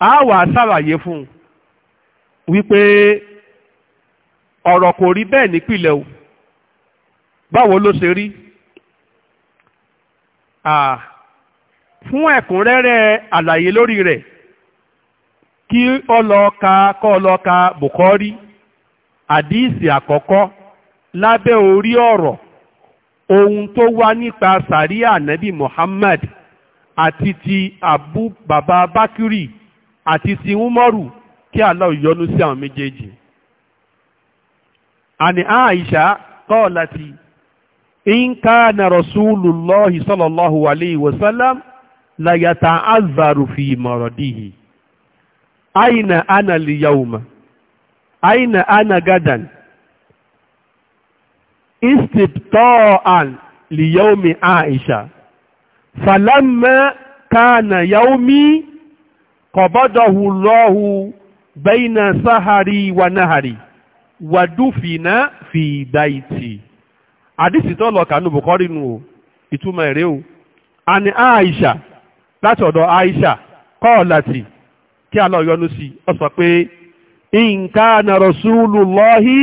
a wà ṣàlàyé fún un wípé ọ̀rọ̀ kò rí bẹ́ẹ̀ nípìnlẹ̀ o báwo ló ṣe rí fún ẹ̀kúnrẹ́rẹ́ àlàyé lórí rẹ̀ kí ó ka kọ́ lọ ka bùkọ́rí àdíìsì àkọ́kọ́ lábẹ́ orí ọ̀rọ̀ ohun tó wá nípa sàríà nàbí Muhammad àti ti abu baba bakiri àti ti umaru kí Allah yọ́nú sí àwọn méjèèjì àní Aisha qaalati in kana rasulullahi sallallahu alayhi wa sallam la yata'azzaru fi maradihi aina ana liyawma aina ana gadan istibta'an liyawmi Aisha falamma kana yawmi ọhụụ lọ́hù bẹ́yìnà sáhari wa náhari wàdúfìnà fi dáìtì àdìsí tó lọ kànú bùkọ́rí nù o ìtumọ̀ èrè o àní Aisha láti ọ̀dọ̀ Aisha kọọ kí a lọ si sí ọ sọ pé nǹkan na Rasulullahi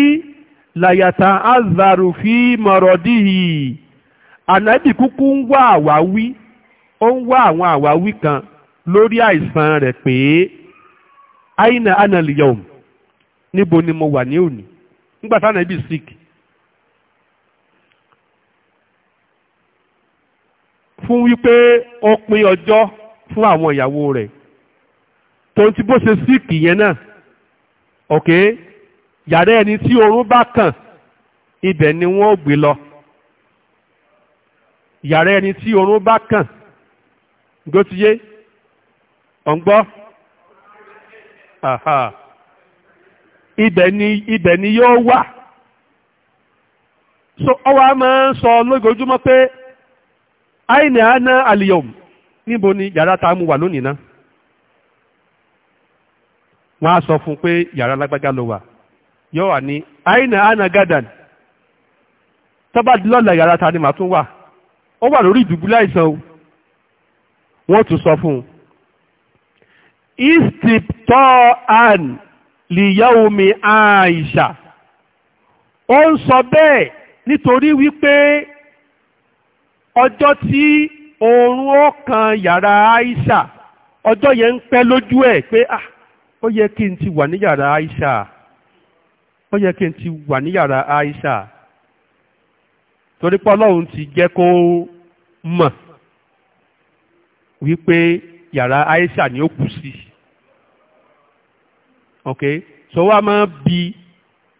làyàtà azaru fi mọ̀rọ̀dìhì ànábì kúkú kan lórí àìsàn rẹ̀ pé aina analyum níbo ni mo wà ní òní nígbà táwọn ẹbí sick fún wípé ó pin ọjọ́ fún àwọn ìyàwó rẹ̀ tóun ti bó ṣe sick yẹn náà ok yàrá ẹni tí oorun bá kàn ibẹ̀ ni wọ́n gbé lọ yàrá ẹni tí oorun bá kàn gbótiyé ọ̀ngbọ́ ibẹ̀ ni ni yóò wà so ọwọ́ a máa ń sọ pé àìní àná Aliyom níbo ni yàrá tá mú wà wọ́n á sọ fún pé yàrá lágbájá ló wà yóò wà ní àìní àná gádàn tọ́ba yàrá ta ni màá tún wà ó wà lórí ìdùbúlẹ̀ wọ́n tún sọ fún istiptoan liyaomi aisha ó ń sọ bẹ́ẹ̀ nítorí wípé ọjọ́ tí oorun ó kan yàrá aisha ọjọ́ yẹn ń pẹ́ lójú ẹ̀ pé ah ó yẹ kí n ti wà ní yàrá aisha ó yẹ kí n ti wà ní yàrá aisha torí pé ti jẹ́ kó mọ̀ wípé yàrá aisha ni ó kù sí i ok so wá máa bi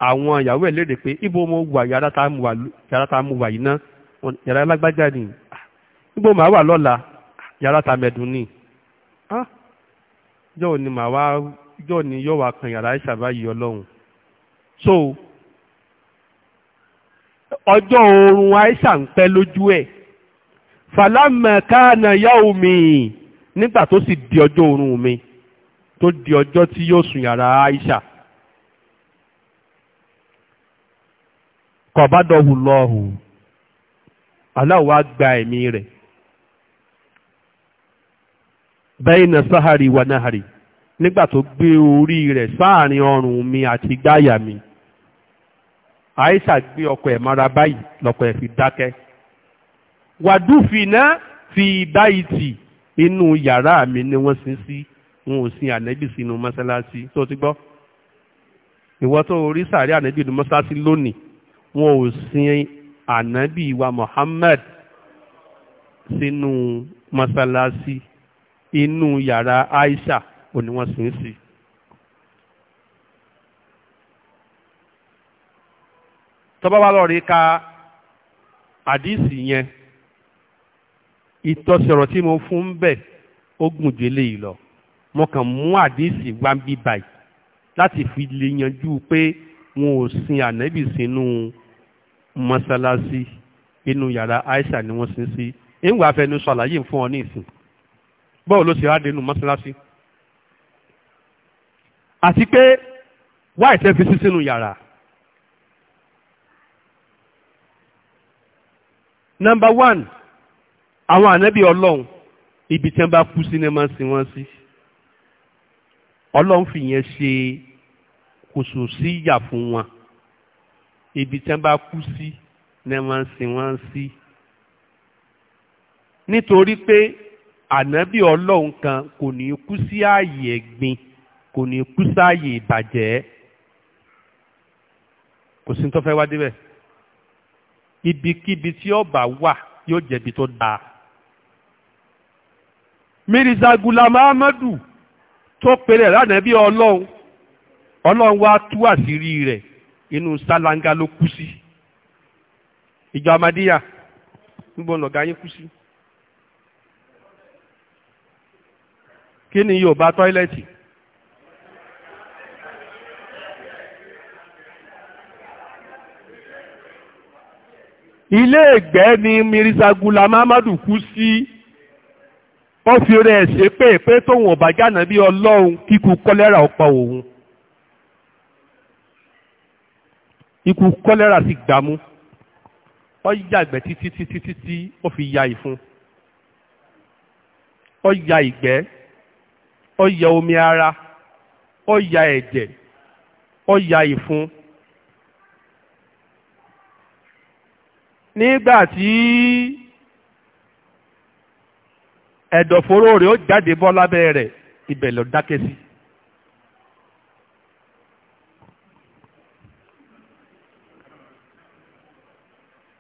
àwọn ìyàwó ẹ̀ léde pé ibo mo wà yàrá tá a mú wà yìí ná yàrá lágbájá ni ah, ibo màá wà lọ́la ah, yàrá tá a mẹ́dùn ni ah, yóò ní màá wá yóò ní yóò wá kan yàrá ìṣàbáyé ọlọ́run so ọjọ́ oorun aisha ń pẹ́ lójú ẹ̀ falamma kana yaumi nígbà tó sì di ọjọ́ oorun mi tó di ọjọ́ tí yóò sùn yàrá Aisha kọ̀bádọ́hù lọ́hù aláwọ̀ á gba ẹ̀mí rẹ̀ bẹ́ẹ̀nà Sahari wà náhàrì nígbà tó gbé orí rẹ̀ sáàrin ọrùn mi àti gbáyà mi Aisha gbé ọkọ ẹ̀ mara báyìí lọ́kọ ẹ̀ fi dákẹ́ wàdúfìnà fi báyìí tì inú yàrá mi ni wọ́n sin sí. Si wọn ò sin ànẹ́bì sínú mọ́sálásí tó ti gbọ́ ìwọ tó orí sàárẹ̀ ànẹ́bì sínú mọ́sálásí lónìí wọn ò sin ànẹ́bì wa Muhammad sínú mọ́sálásí inú yàrá Aisha ò ní wọ́n sin sí. tọ́ba wa lọ rí ka àdìsí yẹn ìtọ́sọ̀rọ̀ tí mo fún bẹ́ẹ̀ ó gùn délé yìí lọ. mo kàn mú àdísì gbáǹbí báyìí láti fi lè yanjú pé wọn ò sin ànábì sínú mọ́sálásí inú yara Aisha ni wọ́n sin si. ìwà afẹnu ṣàlàyé fún ọ ní ìsìn lo si ṣe wá masalasi. Ati pe pé wáì tẹ́ fi sí sínú yàrá. one àwọn ànábì ọlọ́run ibi tí wọ́n bá kú sí ni wọ́n sin wọ́n sí. Si ọlọ́run fi yẹn ṣe kòsò sí ìyà fún wọn ibi tí wọ́n bá kú sí ní wọ́n sin wọ́n sí. nítorí pé ànábì ọlọ́run kan kò ní kú sí ààyè ẹ̀gbin kò ní kú sí ààyè ìbàjẹ́ kò sí tó fẹ́ wá débẹ̀ ibikíbi tí ọba wà yóò jẹ̀bi tó dáa. Mirza Gulam Ahmadu tó pèrè lánàá bí ọlọ́run ọlọ́run wá tú àṣírí rẹ̀ inú sálángá ló kú sí ìjọ amadíyà níbo yín kú sí. kí ni yóò bá tọ́ílẹ̀tì. ilé ìgbẹ́ ni mirisagula mamadu kú ó fi rẹ̀ ṣe pé pé tóun ọ̀bà jáná bí ọlọ́run kíkú kọ́lẹ́rà ó pa òun ikú kọ́lẹ́rà sì gbámú ó yàgbẹ́ títí títí títí ó fi ya ìfun ó ya ìgbẹ́ ó ya omi ara ó ya ẹ̀jẹ̀ ó ya ìfun nígbà tí ẹ̀dọ̀fóró rẹ̀ ó jáde bọ́ lábẹ́ rẹ̀ ibẹ̀ ló dákẹ́ sí.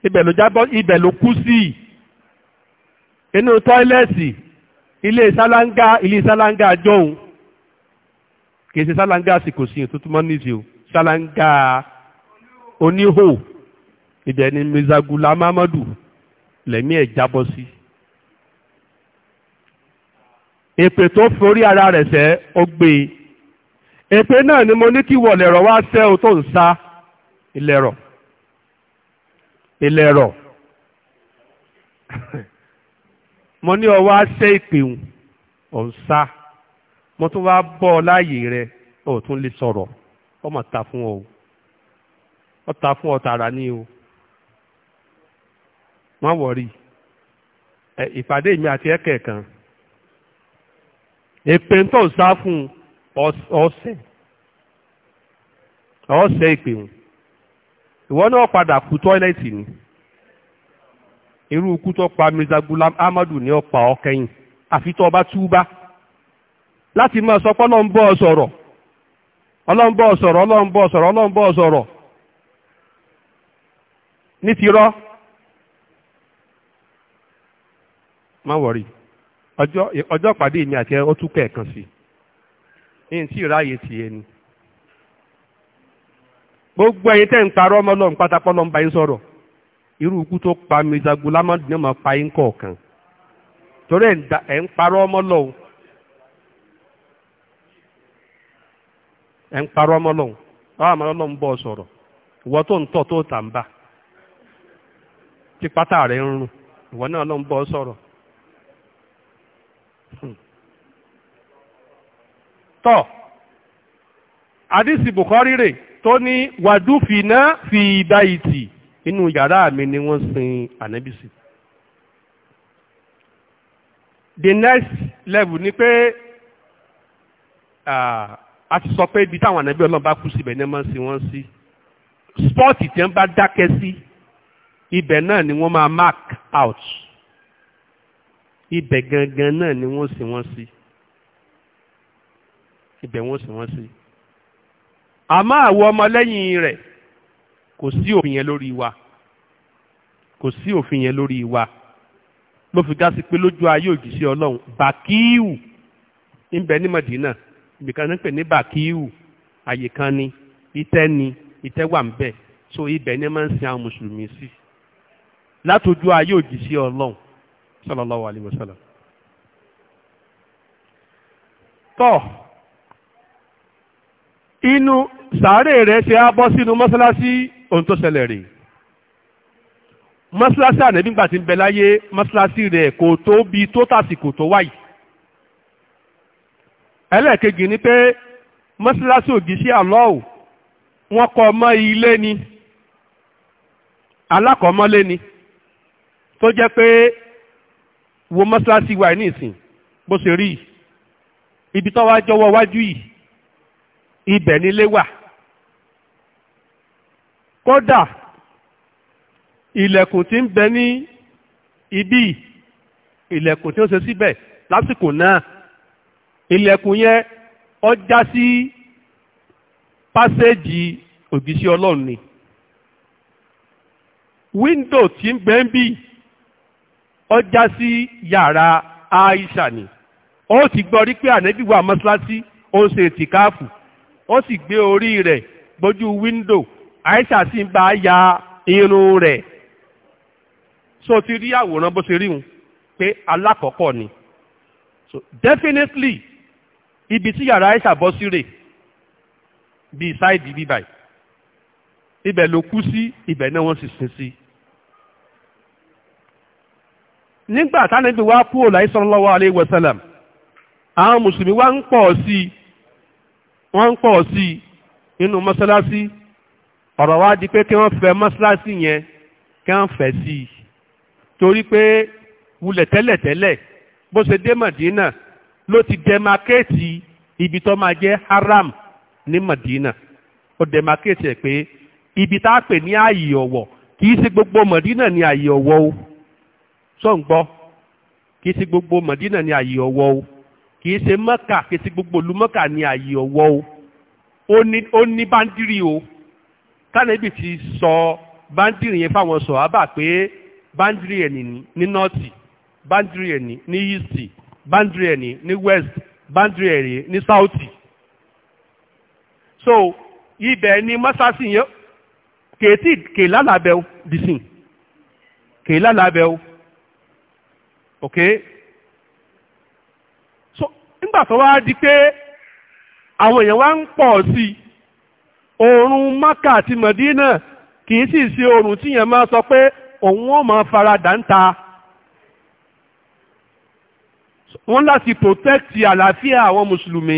ibẹ̀ ló jábọ́ ibẹ̀ ló kú sí inú tọ́ílẹ̀sì ilé sálángá ilé sálángá jọ̀hún kì í ṣe sálángá àsìkò sí ìtútù mọ́nìsì o sálángá oníhò ibẹ̀ ni mizagula mamadu lẹ́mí ẹ̀ jábọ́ sí. Si èpè tó forí ara rẹ̀ sẹ́ ó gbé e èpè náà ni mo ní kí wọ̀ lẹ̀rọ̀ wá sẹ́ o tó ń sa ìlẹ̀rọ̀ ìlẹ̀rọ̀ mo ní ọ wá sẹ́ ìpéhùn ò ń sa mo tún wá bọ́ ọ láàyè rẹ ò tún lè sọ̀rọ̀ ọ ta fún ọ o ọ ta fún ọ tààrà ní o má wọ̀rí ìpàdé mi àti ẹ̀kẹ̀ kan èpè tó ń sá fún ọ̀sẹ̀ ọ̀sẹ̀ èpè wọn ìwọ náà padà kú tọ́ílẹ̀tì ni irú ikú tó pa Mirza Gulam Amadu ní ọ̀pá ọ̀kẹ́yìn àfi tó ọba túbá láti máa sọ pé ọlọ́run sọ̀rọ̀ ọlọ́run sọ̀rọ̀ ọlọ́run sọ̀rọ̀ ọlọ́run sọ̀rọ̀ ní tirọ́ má wọ̀rí. ọjọ́ pàdé mi àti ẹ tún kẹ̀ẹ̀kan sí ní tí ìráyè ni gbogbo ẹ̀yin tẹ́ ń parọ́ ọmọ ọlọ́run pátápọ́ lọ́n bá yín sọ̀rọ̀ irú ikú tó pa Mirza Ghulam Ahmad ma pa yín kọ̀ọ̀kan torí ẹ̀ ń parọ́ ọmọ ẹ̀ ń parọ́ ọmọ lọ́n sọ̀rọ̀ ìwọ tó ń tọ̀ tó tà ń bà tí pátá rẹ̀ ń rùn ìwọ náà lọ́n sọ̀rọ̀ tọ́ àdìsí Bukhari rè tó ní wàdúfìnà fi ìdá ìtì inú yàrá mi ni wọ́n sin ànábìsì the next level ni pé a ti sọ pé ibi táwọn ànábì Ọlọ́run bá kú síbẹ̀ ní ẹ máa wọ́n sí spọ́ọ̀tì tí wọ́n bá dákẹ́ sí ibẹ̀ náà ni wọ́n máa mark out ibẹ̀ gangan náà ni wọ́n sì wọ́n sí ibẹ̀ wọ́n sì wọ́n sí àmọ́ àwọn ọmọlẹ́yìn rẹ̀ kò sí òfin yẹn lórí wa kò sí òfin yẹn lórí wa ló fi dá sí pé lójú ayé òjíṣẹ́ ọlọ́run bàkíìwù ń ní Mọ̀dínà ibìkan ní pè ní bàkíìwù àyè kan ni ìtẹ́ ni ìtẹ́ wà ń bẹ̀ so ibẹ̀ ni máa ń sin àwọn mùsùlùmí sí látọjú ayé òjíṣẹ́ ọlọ́run صلى الله عليه وسلم. tọ́ inú sàárè rẹ̀ ṣe á bọ́ sínú mọ́ṣáláṣí ohun tó ṣẹlẹ̀ rèé mọ́ṣáláṣí ànẹ́bí gbà tí ń bẹ láyé mọ́ṣáláṣí rẹ̀ kò tó bi tó tàsìkò tó wáyì ẹlẹ́ẹ̀kejì ni pé mọ́ṣáláṣí òjíṣẹ́ àlọ́ọ̀ wọ́n kọ́ ọmọ ilé ni alákọ̀ọ́mọ́lé ni tó jẹ́ pé wo mọ́ṣáláṣí wa ní ìsìn bó ṣe rí ibi tó wá jọwọ́ wájú yìí ibẹ̀ nílé wà kódà ilẹ̀kùn tí ń bẹ ní ibí ilẹ̀kùn tí ó ṣe síbẹ̀ lásìkò náà ilẹ̀kùn yẹn ó já sí pásẹ́ẹ̀jì ògìṣẹ́ ọlọ́run ni wíńdò tí ń bẹ ń bí ó já sí yàrá Aisha ni ó ti gbọ́ rí pé ànábì wà mọ́ṣáláṣí ó ń ṣe ètìkáàfù ó sì gbé orí rẹ̀ gbójú wíńdò Aisha sì ń bá ya irun rẹ̀ so ti rí àwòrán bó ṣe rí hun pé alákọ̀ọ́kọ́ ni so definitely ibi tí yàrá Aisha bọ́ sí rè bíi ṣáìdì bíbáyìí ibẹ̀ ló kú sí ibẹ̀ náà wọ́n sì sin sí nígbà tánàbí wá kúrò láì sallallahu alayhi wa sallam àwọn mùsùlùmí wá ń pọ̀ sí i wọ́n ń pọ̀ sí i nínú mọ́sálásí ọ̀rọ̀ wá di pé kí wọ́n fẹ́ mọ́sálásí yẹn kí wọ́n fẹ́ sí i torí pé wulẹ̀ tẹ́lẹ̀tẹ́lẹ̀ bó ṣe dé Màdínà ló ti dẹmakéètì ibi tó máa jẹ́ haram ní Màdínà ó dẹmakéètì ẹ̀ pé ibi tá a pè ní ààyè ọ̀wọ̀ kì í ṣe gbogbo Màdínà ní ààyè ọ̀wọ̀ o sọ́ǹgbọ́ kìí ṣe gbogbo mọ̀dínà ní ààyè ọ̀wọ́ o kìí ṣe mọ́kà kìí ṣe gbogbo ìlú mọ́kà ní ààyè ọ̀wọ́ o ó ní báńdírì o tánàbì ti sọ báńdírì yẹn fáwọn sọ̀hábà pé báńdírì ẹ̀ ní nọ́ọ̀tì báńdírì ẹ̀ ní yíìsì báńdírì ẹ̀ ní west báńdírì ẹ̀ ní sáùtì so ibẹ̀ ni mọ́sáàsì yẹn kèétì kèé lálàbẹ̀ o dìsìn kèé lálàbẹ̀ o ok so nígbà tó wá di pé àwọn èèyàn wá ń pọ̀ sí i oòrùn Maka àti Medina kì í sì ṣe oòrùn tíyẹn máa sọ pé òun ó máa fara dáńta wọ́n láti protẹ́kì àlàáfíà àwọn mùsùlùmí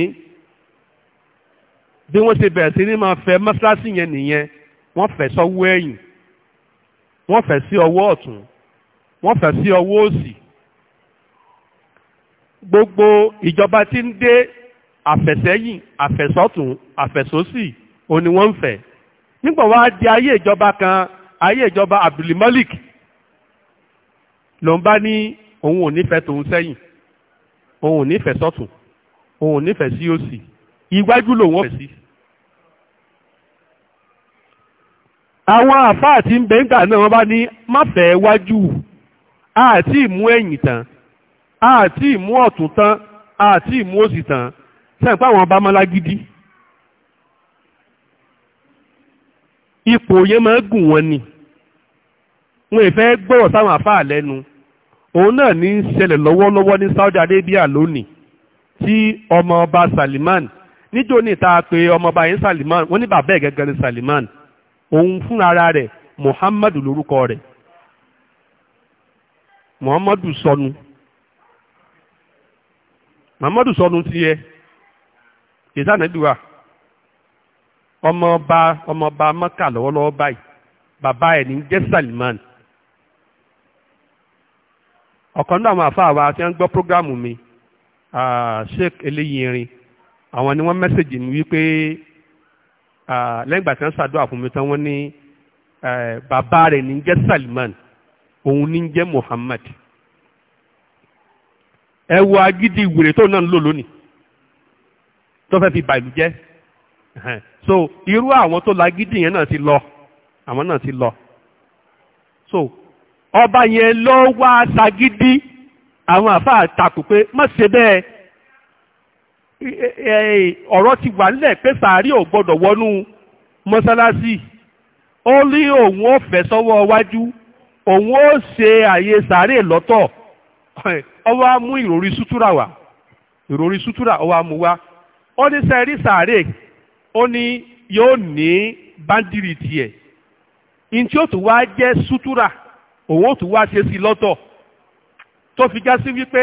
bí wọ́n ṣe bẹ̀rẹ̀ sí ní máa fẹ́ mọ́ṣáláṣí yẹn nìyẹn wọ́n fẹ́ sọ́wọ́ ẹ̀yìn wọ́n fẹ́ sí ọwọ́ ọ̀tún wọ́n fẹ́ sí ọwọ́ òsì gbogbo ìjọba tí ń dé àfẹ̀sẹ́yìn àfẹ̀sọ́tún àfẹ̀sọ́sì òní wọ́n ń fẹ́ nígbà wá di ayé ìjọba kan ayé ìjọba Abdulmalik ló ń bá ní òun ò nífẹ̀ẹ́ tòun sẹ́yìn òun ò nífẹ̀ẹ́ sọ́tún òun ò nífẹ̀ẹ́ sí òsì iwájú lòun ò fẹ́ sí. àwọn àfáà tí ń bẹ ń gbà náà wọ́n bá ní má fẹ́ wájú àti ìmú ẹ̀yìn tán àti ìmú ọ̀tún tán àti ìmú òsì tán sẹ́ǹpá àwọn ọba máa lágídí ipò yẹn máa gùn wọn ni wọn ìfẹ́ gbọ́rọ̀ sáwọn àfáà lẹ́nu òun náà ní í ṣẹlẹ̀ lọ́wọ́lọ́wọ́ ní Saudi Arabia lónìí tí ọmọ ọba Salman níjó ní ìta pé ọmọ ọba yẹn Salman wọ́n ní bàbá ẹ̀ gẹ́gẹ́ ní Salman òun fún ara rẹ̀ Muhammadu lórúkọ rẹ̀ Muhammadu sọnù. So Muhammadu sọnù tiẹ̀ ìsànàdùwà ọmọọba ọmọọba Mẹ́kà lọ́wọ́lọ́wọ́ báyìí bàbá ẹ̀ ní jẹ́ Salman ọ̀kan náà àwọn àfáà wa tí wọ́n ń gbọ́ prógrámù mi Sheikh Eléyìírin àwọn ni wọ́n mẹ́sẹ̀jì mi wípé lẹ́yìn ìgbà tí wọ́n ṣàdúrà fún mi tán wọ́n ní bàbá rẹ̀ ní jẹ́ òun ní jẹ́ Muhammad. ẹ agidi agídí tó náà ń lò lónìí tó fẹ́ fi bà ìlú jẹ́ so irú àwọn tó lagídí yẹn náà ti lọ àwọn náà ti lọ so ọba yẹn lọ wá sagídí àwọn àfáà takò pé má ṣe bẹ́ẹ̀ ti wà nílẹ̀ pé sàárì ò gbọ́dọ̀ wọnú mọ́sálásí ó ní òun fẹ́ sọ́wọ́ òun ó ọ á mú ìròrí sútúrà wá ìròrí sútúrà ọ wa mú wá ó ní sẹ́rí sàárè ó ní yóò ní bandiri tiẹ̀ ntí ó tún wá jẹ́ sútúrà òun ó tún wá ṣe sí lọ́tọ̀ tó fi já sí wípé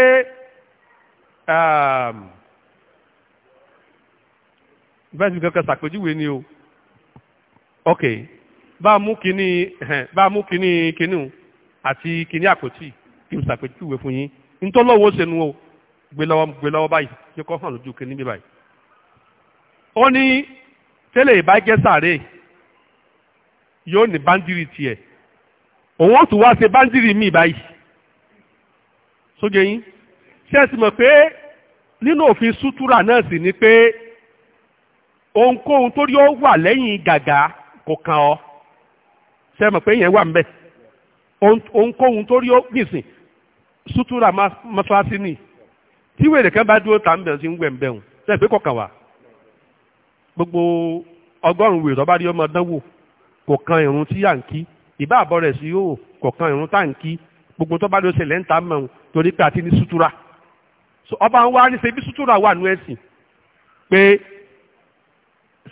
ehm, bẹ́ẹ̀ ni kankan ni o ok bá a mú kinu bá a mú kíní àti àpótí. kí n ṣàpèjúwe fún yín ntọ́lọ́wọ́ sẹ́nu o gbé lọ́wọ́ gbé lọ́wọ́ báyìí kí kọ́ hàn lójú kìíní báyìí. ó ní tẹ́lẹ̀ ìbájẹ́ sàárè yóò ní báńdírì tiẹ̀ òun ó tún wá ṣe báńdírì míì báyìí. sójú yín ṣé ẹ sì mọ̀ pé nínú òfin sútúrà náà sì ni pé ohunkóhun tó rí ó wà lẹ́yìn gàgà kò kàn ọ́ ṣé ẹ mọ̀ pé yẹn wà ń bẹ̀ ohunkóhun tó rí ó sutura mọ́ṣáláṣí ni tí wèrè kan bá dúró tà ń bẹ̀rẹ̀ sí ń wẹ̀ ń bẹ̀rùn ṣe pé kọ̀ọ̀kan wà gbogbo ọgọ́rùn-ún wèrè ọba rí ọmọ dánwò kò kan ìrun tí à ń kí ìbá àbọ̀ rẹ̀ sí yóò kò kan ìrun tá ń kí gbogbo tó bá lọ ṣẹlẹ̀ ń ta mọ̀ torí pé àti ní sutura ọba ń wá ní ṣe bí sutura wà nú ẹ̀sìn pé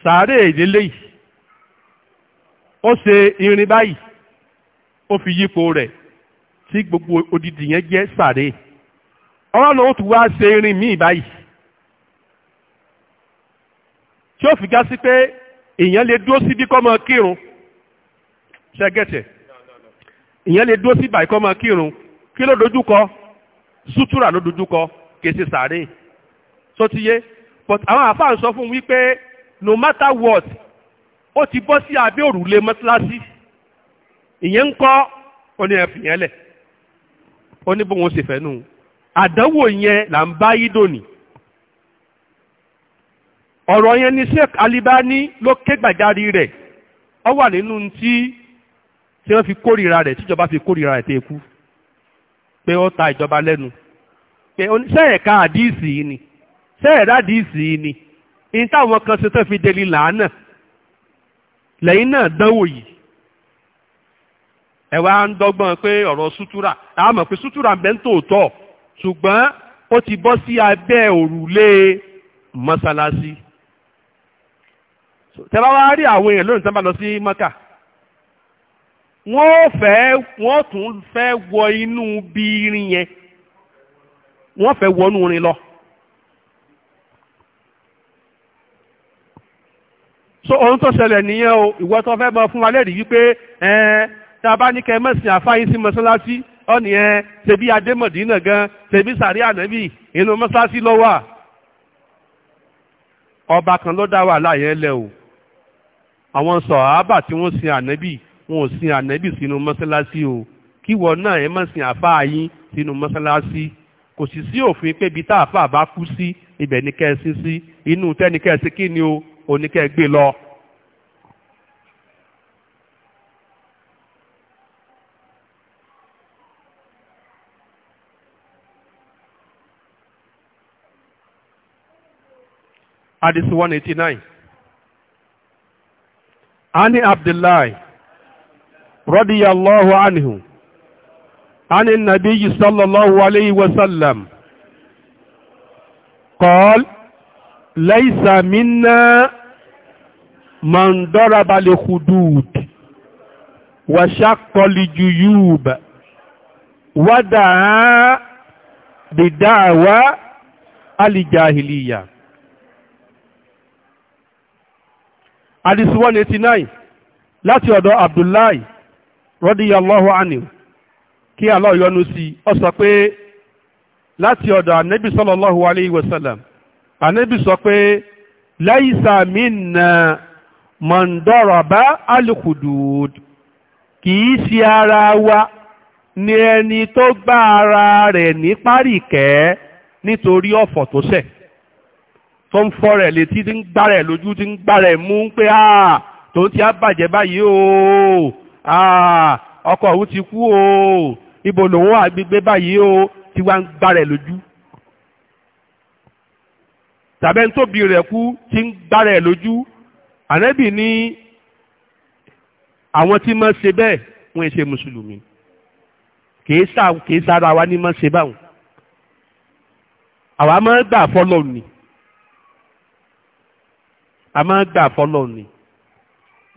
sàárè ìdílé yìí ó ṣe irin báyìí ó fi yípo rẹ̀ tí gbogbo odidi yẹn jẹ́ sàré ọlọ́run ó tún wá ṣe irin míì báyìí tí ó fi já sí pé èèyàn lè dúró síbi kọ́ mọ kírun ṣẹ́gẹ̀tẹ̀ èèyàn lè dúró síbi kọ́ mọ kírun kí ló dojúkọ sútúrà ló dojúkọ kì sàré sọtíyé but àwọn àfáà ń sọ fún wípé no matter what ó ti bọ́ sí abẹ́ òrùlé mọ́tíláṣí ìyẹn ń kọ́ ó ní ẹ̀fì yẹn lẹ̀ ó ní bóun ó sì fẹ́ nù àdánwò yẹn là ń bá yí dòní ọ̀rọ̀ yẹn ni Sheikh Alibani ló ké gbàjarì rẹ̀ ọ wà nínú tí tí wọ́n fi kórìíra rẹ̀ tíjọba fi kórìíra rẹ̀ tẹ́ kú pé ó ta ìjọba lẹ́nu pé sẹ́ẹ̀ka àdíìsì yìí ni sẹ́ẹ̀rá àdíìsì yìí ni ní táwọn kan ṣe tó fi deli làánà lẹ́yìn náà dánwò yìí ẹ wá ń dọ́gbọ́n pé ọ̀rọ̀ sutura a mọ̀ pé sutura ń bẹ ń tòótọ́ ṣùgbọ́n ó ti bọ́ sí abẹ́ òrùlé mọ́sálásí tẹ́lá wá rí àwọn èèyàn lónìí tán bá lọ sí mọ́kà wọ́n fẹ́ wọ́n tún fẹ́ wọ inú bírin yẹn wọ́n fẹ́ wọnú rin lọ. so ohun tó ṣẹlẹ̀ nìyẹn o ìwọ tó fẹ́ mọ fún wa lẹ́rìí wípé ẹ́ẹ́ tá a bá ní kẹ́ mẹ́sìn àfáyín sí mọ́sálásí ọ̀nì ẹ̀ ṣebí adémọ̀dínà gan ṣebí sàrí ànábì inú mọ́sálásí ló wà ọba kan ló dá wà láyé lẹ o àwọn sọ̀hábà tí wọ́n sin ànábì wọn ò sin ànábì sínú mọ́sálásí o kíwọ náà ẹ mọ̀ sin àfáàyín sínú mọ́sálásí kò sì sí òfin pé ibi tá àfáà bá kú sí ibẹ̀ ní kẹ́ ẹ sí sí inú tẹ́ni ẹ sí kí ni o oníkẹ́ gbé lọ. hadith 189 ani abdullahi radiyallahu anhu عن النبي صلى الله عليه وسلم قال ليس منا من ضرب لخدود وشق لجيوب ودعا بدعوى الجاهليه àdìsí 189 láti ọ̀dọ̀ Abdullahi radiyallahu anhu kí Allah yọ́nú sí ọ sọ pé láti ọ̀dọ̀ ànẹ́bì sallallahu alayhi wa sallam ànẹ́bì sọ pé laisa minna man daraba al-hudud kìí ṣe ara wa ni ẹni tó gbá ara rẹ̀ ní páríkẹ́ nítorí ọ̀fọ̀ tó ṣẹ̀ tó ń fọ́ rẹ̀ létí tí ń gbá rẹ̀ lójú tí ń gbá rẹ̀ mú pé à tòun ti á bàjẹ́ báyìí o ọkọ òun ti kú o ibo lòun àgbègbè báyìí o tí wá ń gbá rẹ̀ lójú tàbẹ́ ń tóbi rẹ̀ kú tí ń gbá rẹ̀ lójú ànábì ní àwọn tí máa ń ṣe bẹ́ẹ̀ wọ́n ṣe mùsùlùmí kìí sára wa ní máa ń ṣe báwọn àwa máa ń gbà fọlọ́ọ̀ ni a máa gbà fọ́lọ̀ ni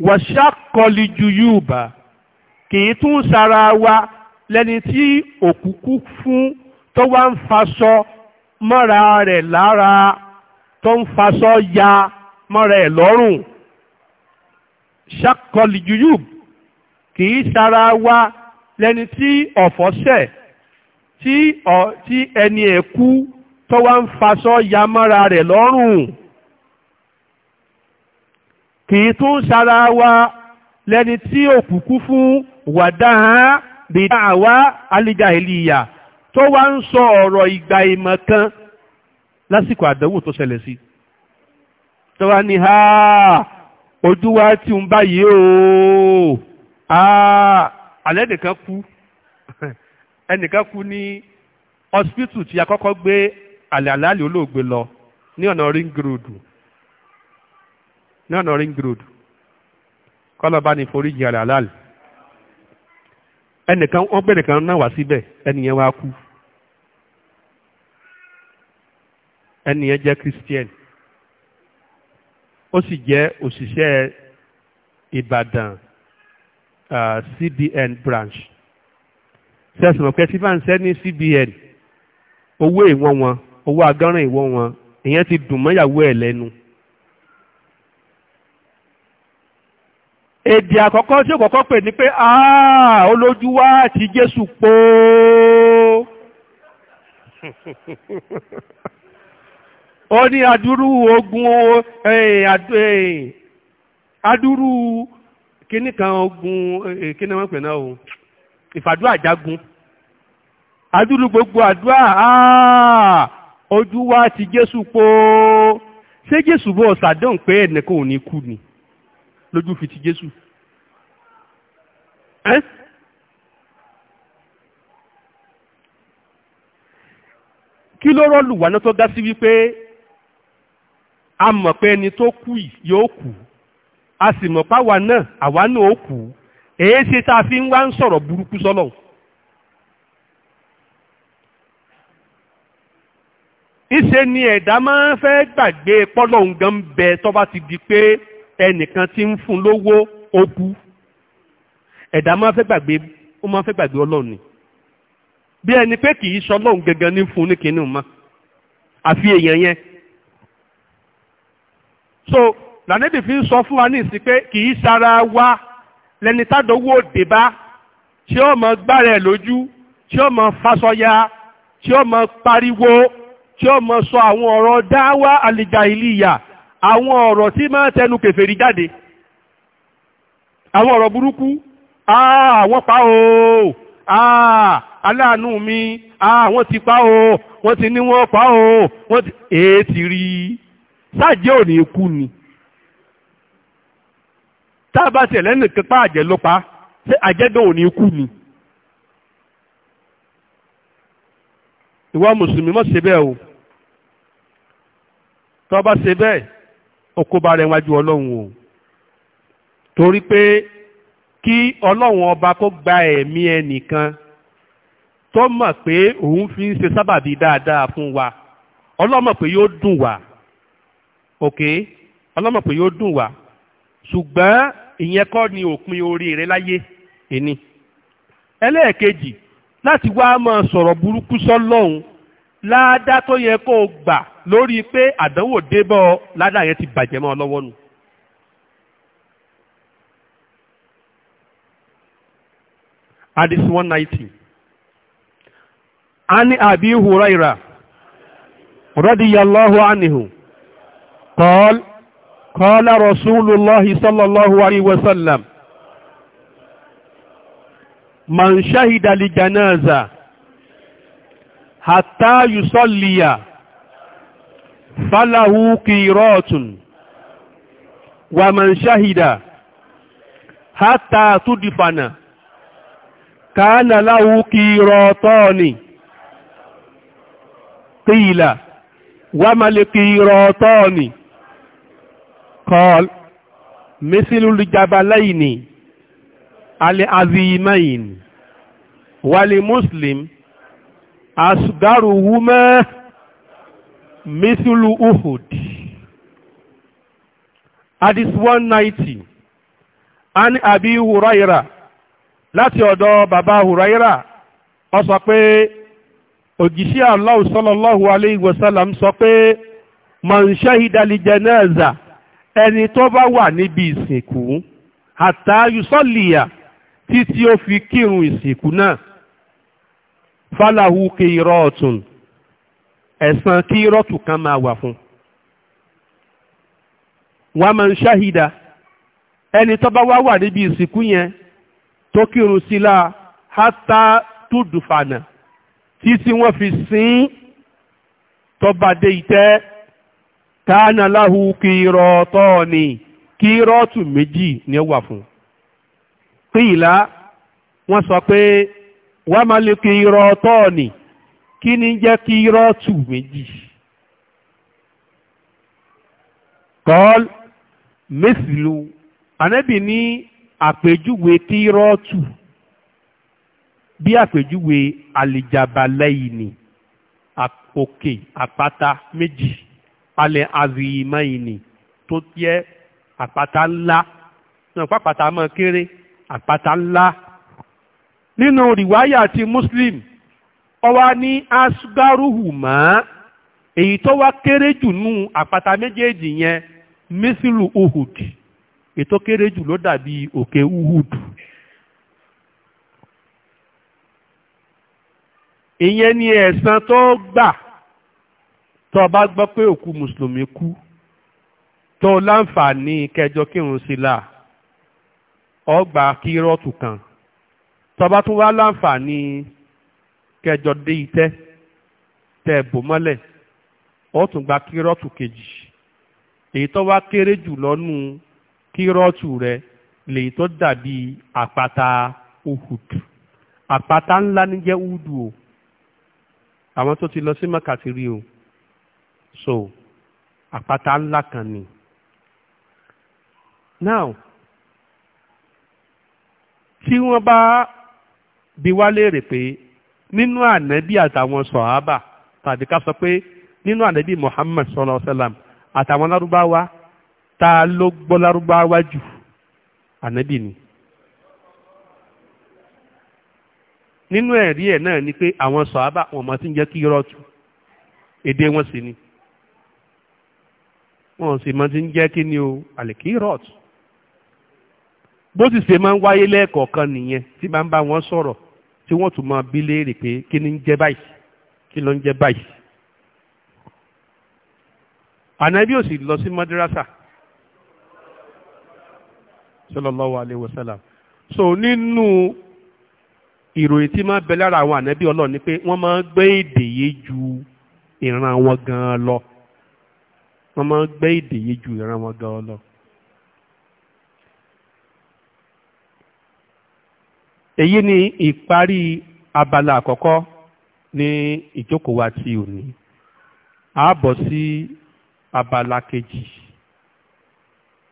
wàṣà kọlíjú yúùbá kì í tún sára wa lẹ́ni tí òkúkú fún tó wá ń faṣọ mọ́ra rẹ̀ lára tó ń faṣọ ya mọ́ra ẹ̀ lọ́rùn ṣàkọlì yúyùb kì í sára wa lẹ́ni tí ọ̀fọ̀ ṣẹ̀ tí ẹni ẹ̀kú tó wá ń faṣọ ya mọ́ra rẹ̀ lọ́rùn. kì í tún ṣara wa lẹ́ni tí ó kùkú fún wàdáhán bìdá àwa alìjáhìlìyà tó wá ń sọ ọ̀rọ̀ ìgbà ìmọ̀ kan lásìkò àdánwò tó ṣẹlẹ̀ sí tó wá ní ha ojú wa tí ń báyìí o alẹ́ nìkan kú ẹnìkan kú ní hospital tí a kọ́kọ́ gbé àlẹ́ àlálẹ́ olóògbé lọ ní ọ̀nà ring road ní ọ̀nà ring road kọ́lọ́ba ní foríjì àlàlá ẹnìkan wọ́n gbé nìkan náà wá síbẹ̀ ẹnìyẹn wá kú ẹnìyẹn jẹ́ christian ó sì jẹ́ òṣìṣẹ́ ìbàdàn cbn branch sẹ́sìn mọ̀ pé tí bá ń sẹ́ ní cbn owó ìwọ̀n wọn owó agánràn ìwọ̀n wọn ìyẹn ti dùn mọ́yàwó ẹ̀ lẹ́nu. èdè àkọ́kọ́ tí ó kọ́kọ́ pè ní pé àà ah, olójú wá àti Jésù pò ó ní adúrú ogun eh, eh, adúrú kíní kan ogun eh, kíní wọ́n pè náà o ìfàdúrà jagun adúrú gbogbo àdúrà àà ah, ojú wá àti Jésù pò ṣé Jésù bó ọ̀sàdán pé ẹnìkan ò ní kú ni lójú fi ti Jésù ẹ́ kí ló rọ́ọ̀lù wà náà tó dá sí wípé a mọ̀ pé ẹni tó kú yóò kú a sì mọ̀ páwa náà àwa náà ó kú èyí ṣe tá a fi ń wá ń sọ̀rọ̀ burúkú sọ́lọ̀ ìṣe ni ẹ̀dá máa ń fẹ́ gbàgbé pọ́lọ̀ nǹkan bẹ tó bá ti di pé ẹnìkan tí ń fún lówó ó bú ẹ̀dá máa fẹ́ gbàgbé ó máa fẹ́ gbàgbé ọlọ́run ni bí ẹni pé kì í sọlọ́run gangan ní fún ní kinní mọ́ àfi èèyàn yẹn so lànàbì fi ń sọ fún wa ní ìsìn pé kì í sara wa lẹni tádọ́wọ́ òde bá tí ó mọ gbára ẹ̀ lójú tí ó mọ fasọya tí ó mọ pariwo tí ó mọ sọ àwọn ọ̀rọ̀ dáwà àlìjà ìlíyà àwọn ọ̀rọ̀ tí máa tẹnu kèfèrí jáde àwọn ọ̀rọ̀ burúkú àwọn pa ooo aláàánú mi àwọn ti pa ooo wọ́n ti ní wọ́n pa ooo wọ́n ti èé ti rí sáàjẹ́ òní ikú ni tá a bá tiẹ̀ lẹ́nu kápá àjẹ́ ló àjẹ́dọ̀ òní ikú ni. ìwọ mùsùlùmí mọ̀ ṣe bẹ́ẹ̀ o tọ́ ṣe bẹ́ẹ̀ ó kó bá rẹ̀ wájú ọlọ́run o torí pé kí ọlọ́run ọba kó gba ẹ̀mí ẹnìkan tó mọ̀ pé òun fi ń ṣe sábàbí dáadáa fún wa ọlọ́mọ̀ pé yóò dùn wá ok ọlọ́mọ̀ pé yóò dùn wá ṣùgbọ́n ìyẹn kọ́ ni òpin orí rẹ láyé ẹni ẹlẹ́ẹ̀kejì láti wá máa sọ̀rọ̀ burúkú sọ́lọ́hun ládá tó yẹ kó o gbà lórí pé àdánwò débọ̀ ládá yẹn ti bàjẹ́ mọ́ ọ lọ́wọ́ nù. Hadith 190. Ani Abi Huraira radiyallahu anhu qala qala Rasulullah sallallahu alaihi wasallam man shahida li janaza hatta yusalliya falahu qiratun wa man shahida hatta tudfana kana lahu qiratani qila wa mal qiratani قال مثل الجبلين العظيمين ولمسلم asgaru wúmẹ́ mithulu uhud hadith 190 an abi huraira láti ọ̀dọ̀ bàbá huraira ó sọ pé òjíṣẹ́ Allah sallallahu alayhi wa sallam sọ pé man shahida li janaza ẹni tó bá wà níbi ìsìnkú hatta títí ó fi kírun ìsìnkú náà fáláhù kìrọ̀ ọ̀tún ẹ̀san kìrọ̀tù kan máa wà fún wọ́n máa ń ṣáhìdá ẹni tó wá wà níbi ìsìnkú yẹn tó kírun sílá hátá tó dùfànà títí wọ́n fi sin tó bá dé ìtẹ́ tánà láhù kìrọ̀ ọ̀tọ̀ ni kìrọ̀tù méjì ni ó wà fún kìlá wọ́n sọ pé wá máa lè kí irọ́ tọ́ọ̀nì kí ní jẹ́ kí irọ́ tù méjì kọ́l mẹ́sìlú anẹ́bì ní àpèjúwe tí irọ́ tù bí àpèjúwe àlìjàbàlẹ́yìnì òkè àpáta méjì alẹ́ àzìmọ́yìnì tó jẹ́ àpáta ńlá náà pápátá máa kéré àpáta ńlá nínú rìwáyà ti muslim ọwa ní asgaruhuma èyí tó wá kéré jù nú àpáta méjèèjì yẹn mísìlù uhud èyí tó kéré jù ló dàbí òkè uhud ìyẹn ni ẹ̀san tó gbà tó bá gbọ́ pé òkú mùsùlùmí kú tó láǹfààní kẹjọ kírun sí ọgbà kírọ́ọ̀tù kan tọba tún wá láǹfààní kẹjọ dé itẹ́ tẹ bò mọ́lẹ̀ ó tún gba kírọ́ọ̀tù kejì èyí tó wá kéré jù lọ́nù kírọ́ọ̀tù rẹ lèyí tó dàbí àpáta Uhud àpáta ńlá ní jẹ́ Uhud o àwọn tó ti lọ sí Mẹ́kà o so àpáta ńlá kan ni now tí wọ́n bá bí wá léèrè pé nínú ànábì àtàwọn sọ̀hábà tàbí ká sọ pé nínú ànábì Muhammad sallallahu alaihi wasallam àtàwọn lárúbáwá ta ló gbọ́ lárúbáwá jù ànábì ni. nínú ẹ̀rí ẹ̀ náà ni pé àwọn sọ̀hábà wọn mọ̀ sí ń jẹ́ kí irọ́ tu èdè wọn sì ni wọn sì mọ̀ sí ń jẹ́ kí ni o àlèkírọ̀t bó sì ṣe máa ń wáyé lẹ́ẹ̀kọ̀ọ̀kan nìyẹn tí máa ń bá wọn sọ̀rọ̀ tí wọ́n tún máa bí léèrè pé kí ni ń jẹ́ báyìí kí ló ń jẹ́ báyìí. ànábì ò sì lọ sí madrasa sallallahu alayhi wa so nínú ìròyìn tí máa bẹ lára àwọn ànábì ọlọ́run ni pé wọ́n máa ń gbé èdè yé ju ìran wọn gan-an lọ wọ́n máa gbé èdè yé ju ìran wọn gan-an lọ. èyí ni ìparí abala àkọ́kọ́ ní ìjókòó wa ti òní a sí abala kejì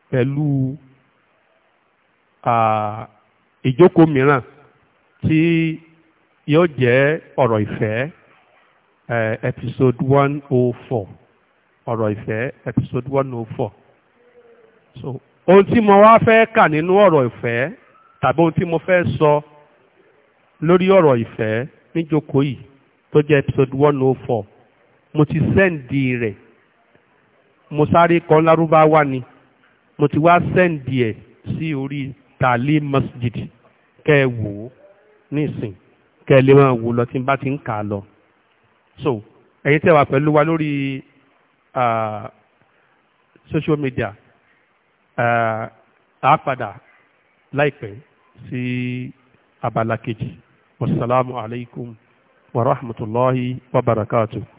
pẹ̀lú ìjókòó mìíràn tí yóò jẹ́ ọ̀rọ̀ ìfẹ́ episode one oh four ọ̀rọ̀ ìfẹ́ episode one oh four so ohun tí mo wá fẹ́ kà nínú ọ̀rọ̀ ìfẹ́ tàbí ohun tí mo fẹ́ sọ. So, lórí ọ̀rọ̀ ìfẹ́ níjókòó yìí tó jẹ́ episode one oh four mo ti sẹ́ǹdì rẹ̀ mo sáré kan lárúbáwá ni mo ti wá sẹ́ǹdì ẹ̀ sí orí tàlí masjid kẹ́ ẹ wò ó nísìn kẹ́ ẹ lè máa wò lọ tí n bá ti ń kà á lọ. so ẹ̀yin tẹ́ wà pẹ̀lú wa lórí social media àápadà láìpẹ́ sí abala kejì wasalaamu alaykum wa rahmatulahi wa